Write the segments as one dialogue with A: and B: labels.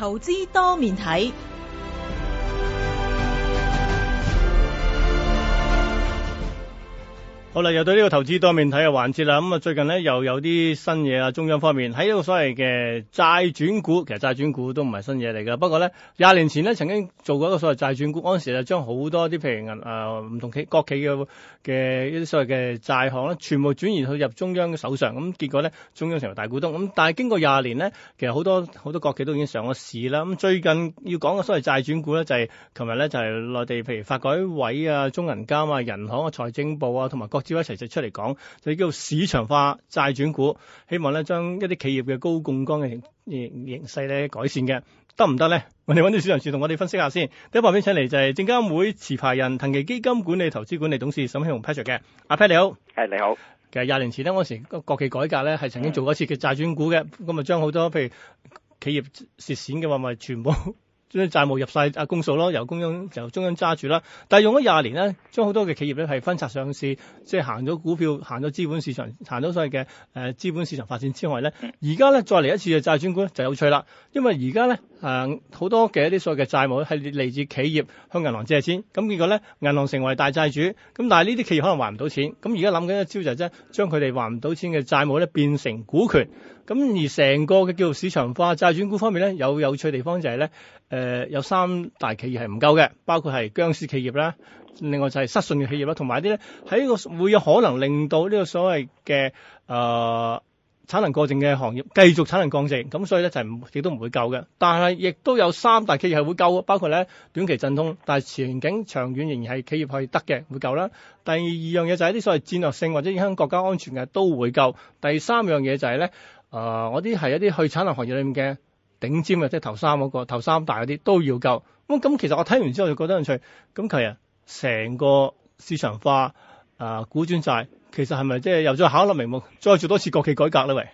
A: 投資多面睇。
B: 好啦，又到呢個投資多面睇嘅環節啦。咁啊，最近呢，又有啲新嘢啊。中央方面喺呢個所謂嘅債轉股，其實債轉股都唔係新嘢嚟噶。不過呢，廿年前呢曾經做過一個所謂債轉股，嗰陣時就將好多啲譬如銀誒唔同企國企嘅嘅一啲所謂嘅債項咧，全部轉移去入中央嘅手上。咁結果呢，中央成為大股東。咁但係經過廿年呢，其實好多好多國企都已經上咗市啦。咁最近要講嘅所謂債轉股咧，就係琴日咧就係、是、內地譬如發改委啊、中銀監啊、人行啊、財政部啊，同埋招一齊就出嚟講，就叫市場化債轉股，希望咧將一啲企業嘅高槓桿嘅形形勢咧改善嘅，得唔得咧？我哋揾到市場處同我哋分析下先。第一旁邊請嚟就係證監會持牌人騰祺基金管理投資管理董事沈慶洪 Patrick 嘅，阿 Patrick
A: 你好，係你好。其
B: 實廿年前呢，嗰時國企改革咧係曾經做過一次嘅債轉股嘅，咁啊將好多譬如企業涉險嘅話咪全部。將啲債務入曬阿公數咯，由中央由中央揸住啦。但係用咗廿年咧，將好多嘅企業咧係分拆上市，即係行咗股票，行咗資本市場，行咗所謂嘅誒資本市場發展之外咧，而家咧再嚟一次嘅債轉股咧就有趣啦，因為而家咧。誒好、啊、多嘅一啲所謂嘅債務係嚟自企業向銀行借錢。咁結果咧銀行成為大債主，咁但係呢啲企業可能還唔到錢，咁而家諗緊一招就係咧將佢哋還唔到錢嘅債務咧變成股權。咁而成個嘅叫做市場化債轉股方面咧有有趣地方就係咧誒有三大企業係唔救嘅，包括係僵屍企業啦，另外就係失信嘅企業啦，同埋啲咧喺個會有可能令到呢個所謂嘅誒。呃產能過剩嘅行業繼續產能降剩，咁所以咧就亦都唔會救嘅。但係亦都有三大企業會救，包括咧短期陣痛，但係前景長遠仍然係企業係得嘅會救啦。第二樣嘢就係一啲所謂戰略性或者影響國家安全嘅都會救。第三樣嘢就係、是、咧，啊、呃，我啲係一啲去產能行業裡面嘅頂尖嘅，即係頭三嗰、那個頭三大嗰啲都要救。咁咁其實我睇完之後就覺得有趣。咁其實成個市場化。啊，股轉債其實係咪即係又再巧立名目，再做多次國企改革咧？喂！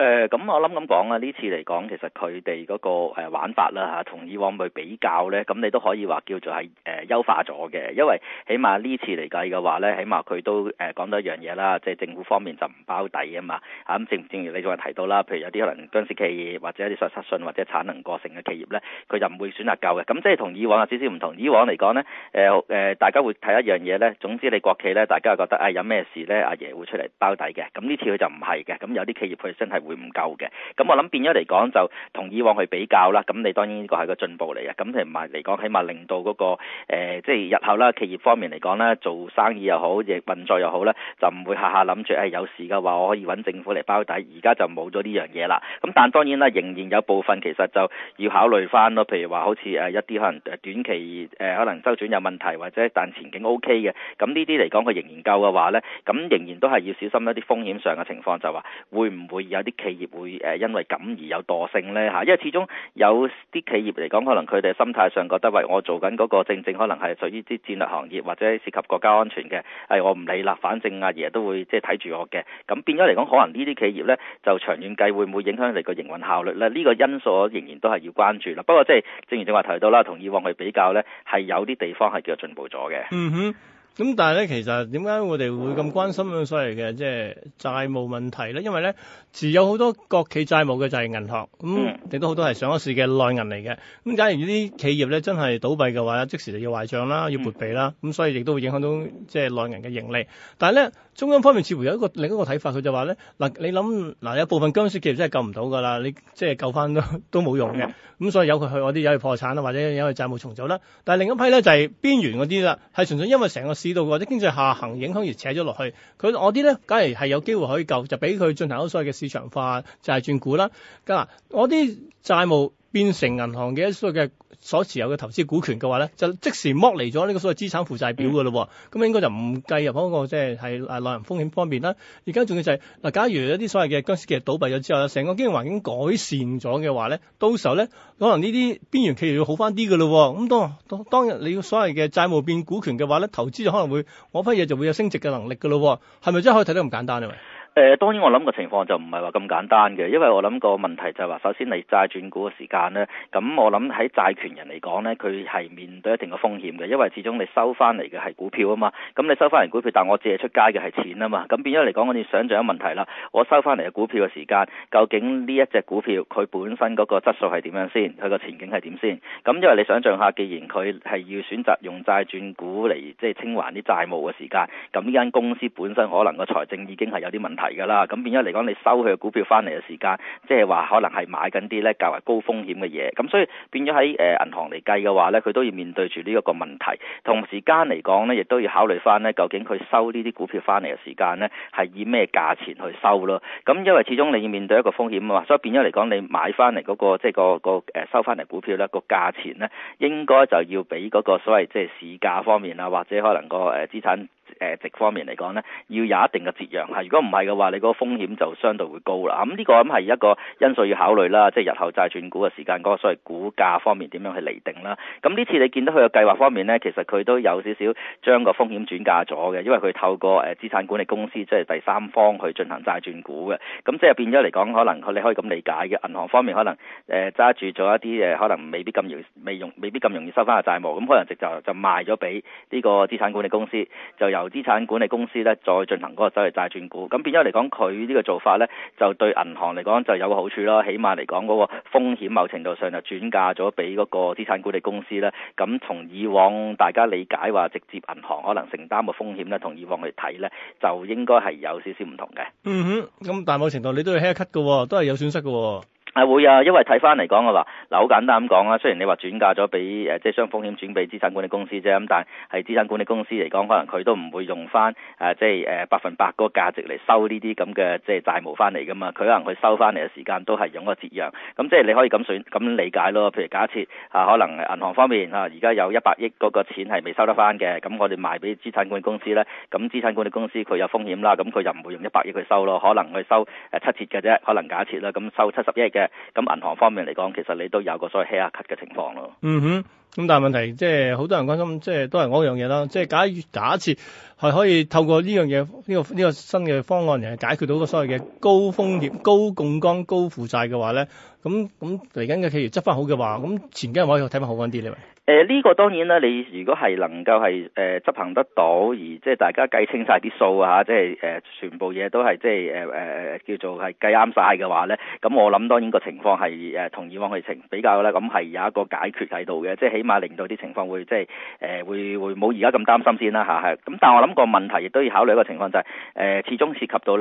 A: 誒咁、呃嗯、我諗咁講啊，呢次嚟講其實佢哋嗰個玩法啦嚇，同、啊、以往去比較咧，咁你都可以話叫做係誒、呃、優化咗嘅，因為起碼呢次嚟計嘅話咧，起碼佢都誒、呃、講到一樣嘢啦，即係政府方面就唔包底啊嘛，嚇、啊、咁正唔正如你仲話提到啦，譬如有啲可能僵屍企業或者一啲喪失信或者產能過剩嘅企業咧，佢就唔會選擇救嘅，咁即係同以往有少少唔同。以往嚟講咧，誒、呃、誒、呃、大家會睇一樣嘢咧，總之你國企咧，大家覺得誒、哎、有咩事咧，阿爺會出嚟包底嘅，咁呢次佢就唔係嘅，咁有啲企業佢真係會。會唔夠嘅？咁我諗變咗嚟講，就同以往去比較啦。咁你當然呢個係個進步嚟嘅。咁同埋嚟講，起碼令到嗰、個、呃、即係日後啦，企業方面嚟講啦，做生意又好，亦運作又好啦，就唔會下下諗住係有事嘅話，我可以揾政府嚟包底。而家就冇咗呢樣嘢啦。咁但當然啦，仍然有部分其實就要考慮翻咯。譬如話，好似誒一啲可能短期誒、呃、可能周轉有問題，或者但前景 O K 嘅，咁呢啲嚟講佢仍然夠嘅話咧，咁仍然都係要小心一啲風險上嘅情況，就話會唔會有啲？企業會誒因為咁而有惰性呢？吓，因為始終有啲企業嚟講，可能佢哋心態上覺得，喂，我做緊嗰個正正可能係屬於啲戰略行業或者涉及國家安全嘅，誒、哎，我唔理啦，反正阿爺都會即係睇住我嘅。咁變咗嚟講，可能呢啲企業呢，就長遠計會唔會影響佢哋個營運效率呢？呢個因素仍然都係要關注啦。不過即係正如正話提到啦，同以往去比較呢，係有啲地方係叫做進步咗嘅。嗯
B: 哼。咁但係咧，其實點解我哋會咁關心咁所謂嘅即係債務問題咧？因為咧，持有好多國企債務嘅就係銀行，咁亦都好多係上市嘅內銀嚟嘅。咁假如呢啲企業咧真係倒閉嘅話，即時就要壞帳啦，要撥備啦，咁所以亦都會影響到即係內銀嘅盈利。但係咧，中央方面似乎有一個另一個睇法，佢就話咧嗱，你諗嗱、啊，有部分僵屍企業真係救唔到㗎啦，你即係救翻都都冇用嘅，咁、嗯、所以由佢去嗰啲有佢破產啦，或者有佢債務重組啦。但係另一批咧就係、是、邊緣嗰啲啦，係純粹因為成個市。呢度或者經濟下行影響，而扯咗落去，佢我啲咧，梗係係有機會可以救，就俾佢進行咗所謂嘅市場化，就係、是、轉股啦。咁啊，我啲債務。變成銀行嘅所啲嘅所持有嘅投資股權嘅話咧，就即時剝離咗呢個所謂資產負債表嘅咯，咁應該就唔計入嗰個即係係內人風險方面啦。而家仲要就係、是、嗱，假如一啲所謂嘅殭屍企業倒閉咗之後，成個經營環境改善咗嘅話咧，到時候咧可能呢啲邊緣企業要好翻啲嘅咯。咁當當當日你的所謂嘅債務變股權嘅話咧，投資就可能會攞翻嘢就會有升值嘅能力嘅咯。係咪真係可以睇得咁簡單啊？
A: 誒當然我諗個情況就唔係話咁簡單嘅，因為我諗個問題就係話，首先你債轉股嘅時間呢，咁我諗喺債權人嚟講呢，佢係面對一定嘅風險嘅，因為始終你收翻嚟嘅係股票啊嘛，咁你收翻嚟股票，但我借出街嘅係錢啊嘛，咁變咗嚟講，我哋想象問題啦，我收翻嚟嘅股票嘅時間，究竟呢一隻股票佢本身嗰個質素係點樣先？佢個前景係點先？咁因為你想象下，既然佢係要選擇用債轉股嚟即係清還啲債務嘅時間，咁呢間公司本身可能個財政已經係有啲問題。係㗎啦，咁變咗嚟講，你收佢股票翻嚟嘅時間，即係話可能係買緊啲咧較為高風險嘅嘢，咁所以變咗喺誒銀行嚟計嘅話咧，佢都要面對住呢一個問題，同時間嚟講咧，亦都要考慮翻咧究竟佢收呢啲股票翻嚟嘅時間咧係以咩價錢去收咯。咁因為始終你要面對一個風險啊嘛，所以變咗嚟講，你買翻嚟嗰個即係個個誒收翻嚟股票咧個價錢咧，應該就要畀嗰個所謂即係市價方面啊，或者可能個誒資產誒、呃、值方面嚟講呢要有一定嘅折讓嚇。如果唔係嘅話，你嗰個風險就相對會高啦。咁、嗯、呢、這個咁係一個因素要考慮啦。即係日後債轉股嘅時間嗰、那個所謂股價方面點樣去厘定啦。咁、嗯、呢次你見到佢嘅計劃方面呢，其實佢都有少少將個風險轉嫁咗嘅，因為佢透過誒資、呃、產管理公司，即係第三方去進行債轉股嘅。咁、嗯、即係變咗嚟講，可能你可以咁理解嘅。銀行方面可能誒揸、呃、住咗一啲誒，可能未必咁容，未容未必咁容易收翻個債務。咁、嗯、可能直就就賣咗俾呢個資產管理公司，就由。資產管理公司咧，再進行嗰個所謂債轉股，咁變咗嚟講，佢呢個做法咧，就對銀行嚟講就有個好處咯。起碼嚟講，嗰個風險某程度上就轉嫁咗俾嗰個資產管理公司啦。咁從以往大家理解話，直接銀行可能承擔個風險咧，同以往嚟睇咧，就應該係有少少唔同嘅。
B: 嗯哼，咁但某程度你都要 haircut 嘅，都係有損失嘅。
A: 係會啊，因為睇翻嚟講嘅話，嗱好簡單咁講啦。雖然你話轉嫁咗俾誒，即係將風險轉俾資產管理公司啫。咁但係資產管理公司嚟講，可能佢都唔會用翻誒，即係誒百分百嗰個價值嚟收呢啲咁嘅即係債務翻嚟噶嘛。佢可能佢收翻嚟嘅時間都係用個折讓。咁即係你可以咁算咁理解咯。譬如假設啊，可能銀行方面啊，而家有一百億嗰個錢係未收得翻嘅。咁我哋賣俾資產管理公司呢，咁資產管理公司佢有風險啦。咁佢又唔會用一百億去收咯，可能去收誒七折嘅啫。可能假設啦，咁收七十億嘅。咁銀行方面嚟講，其實你都有個所謂 haircut 嘅情況咯。
B: 嗯哼，咁但係問題即係好多人關心是是，即係都係嗰樣嘢啦。即係假假設係可以透過呢樣嘢呢個呢、呢個呢個新嘅方案嚟解決到個所謂嘅高風險、高槓桿、高負債嘅話咧，咁咁嚟緊嘅企業執翻好嘅話，咁前景可唔可以睇翻好翻啲咧？
A: 誒呢個當然啦，你如果係能夠係誒執行得到，而即係大家計清晒啲數啊，即係誒、呃、全部嘢都係即係誒誒誒叫做係計啱晒嘅話咧，咁我諗當然這個情況係誒同以往嘅情比較咧，咁、嗯、係有一個解決喺度嘅，即係起碼令到啲情況會即係誒、呃、會會冇而家咁擔心先啦嚇。咁、啊、但係我諗個問題亦都要考慮一個情況就係、是、誒、呃、始終涉及到誒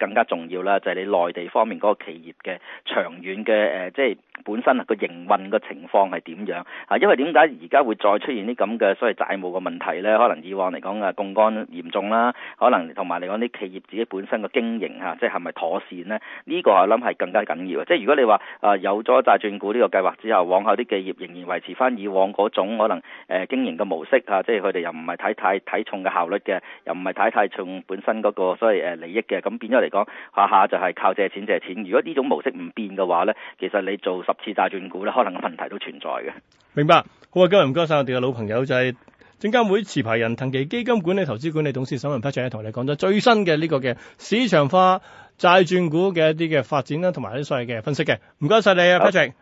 A: 更加重要啦，就係你內地方面嗰個企業嘅長遠嘅誒即係本身個營運個情況係點樣啊？因為點解？而家會再出現啲咁嘅，所謂債務嘅問題呢，可能以往嚟講啊，槓桿嚴重啦。可能同埋嚟講啲企業自己本身嘅經營嚇、啊，即係係咪妥善呢？呢、呢個我諗係更加緊要。即係如果你話啊有咗債轉股呢個計劃之後，往後啲企業仍然維持翻以往嗰種可能誒、啊、經營嘅模式嚇、啊，即係佢哋又唔係睇太睇重嘅效率嘅，又唔係睇太重本身嗰個所謂誒、啊、利益嘅，咁變咗嚟講下下就係靠借錢借錢。如果呢種模式唔變嘅話呢，其實你做十次債轉股呢，可能個問題都存在嘅。
B: 明白。各位，唔該晒。我哋嘅老朋友，就係證監會持牌人騰祺基金管理投資管理董事沈慶洪 Patrick 同你講咗最新嘅呢個嘅市場化債轉股嘅一啲嘅發展啦，同埋一啲所謂嘅分析嘅。唔該晒你啊，Patrick。